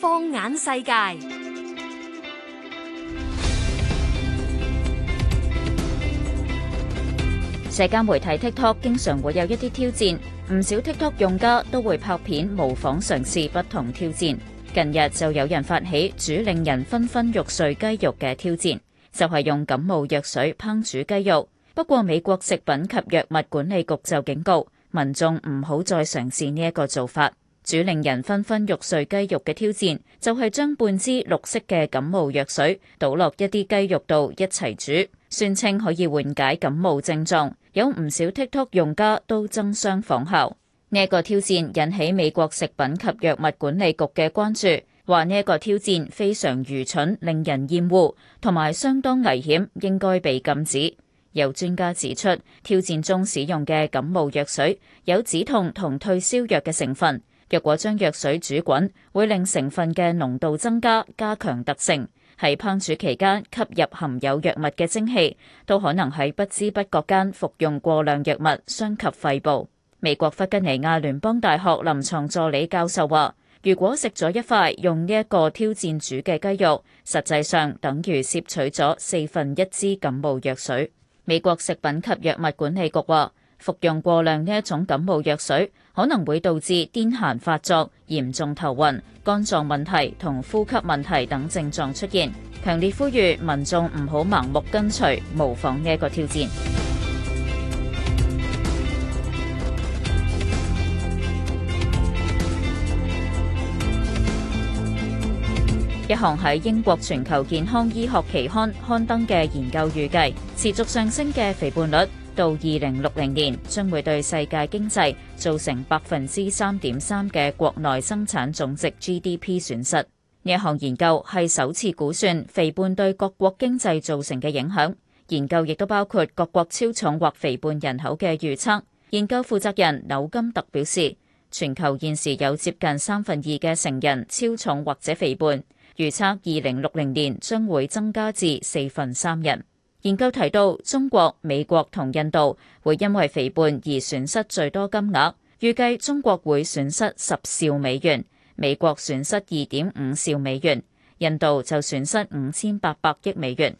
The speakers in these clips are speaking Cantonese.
放眼世界，社交媒體 TikTok 經常會有一啲挑戰，唔少 TikTok 用家都會拍片模仿嘗試不同挑戰。近日就有人發起煮令人昏昏欲睡雞肉嘅挑戰，就係用感冒藥水烹煮雞肉。不過美國食品及藥物管理局就警告，民眾唔好再嘗試呢一個做法。煮令人昏昏欲睡雞肉嘅挑戰，就係、是、將半支綠色嘅感冒藥水倒落一啲雞肉度一齊煮，宣稱可以緩解感冒症狀。有唔少 TikTok 用家都爭相仿效。呢、這、一個挑戰引起美國食品及藥物管理局嘅關注，話呢一個挑戰非常愚蠢、令人厭惡，同埋相當危險，應該被禁止。有專家指出，挑戰中使用嘅感冒藥水有止痛同退燒藥嘅成分。若果將藥水煮滾，會令成分嘅濃度增加，加強特性。喺烹煮期間吸入含有藥物嘅蒸氣，都可能喺不知不覺間服用過量藥物，傷及肺部。美國弗吉尼亞聯邦大學臨床助理教授話，如果食咗一塊用呢個挑戰煮嘅雞肉，實際上等於攝取咗四分一支感冒藥水。美國食品及藥物管理局話，服用過量呢一種感冒藥水，可能會導致癲癇發作、嚴重頭暈、肝臟問題同呼吸問題等症狀出現，強烈呼籲民眾唔好盲目跟隨、模仿呢個挑戰。一項喺英國全球健康醫學期刊刊登嘅研究，預計持續上升嘅肥胖率到二零六零年，將會對世界經濟造成百分之三點三嘅國內生產總值 GDP 損失。呢一項研究係首次估算肥胖對各國經濟造成嘅影響。研究亦都包括各國超重或肥胖人口嘅預測。研究負責人紐金特表示，全球現時有接近三分二嘅成人超重或者肥胖。預測二零六零年將會增加至四分三人。研究提到，中國、美國同印度會因為肥胖而損失最多金額。預計中國會損失十兆美元，美國損失二點五兆美元，印度就損失五千八百億美元。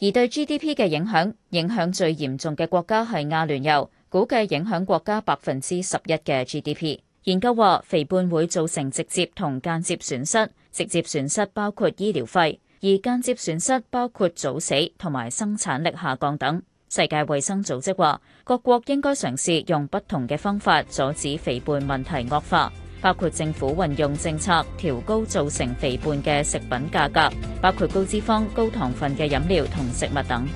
而對 GDP 嘅影響，影響最嚴重嘅國家係阿聯酋，估計影響國家百分之十一嘅 GDP。研究話，肥胖會造成直接同間接損失。直接損失包括醫療費，而間接損失包括早死同埋生產力下降等。世界衛生組織話，各國應該嘗試用不同嘅方法阻止肥胖問題惡化，包括政府運用政策調高造成肥胖嘅食品價格，包括高脂肪、高糖分嘅飲料同食物等。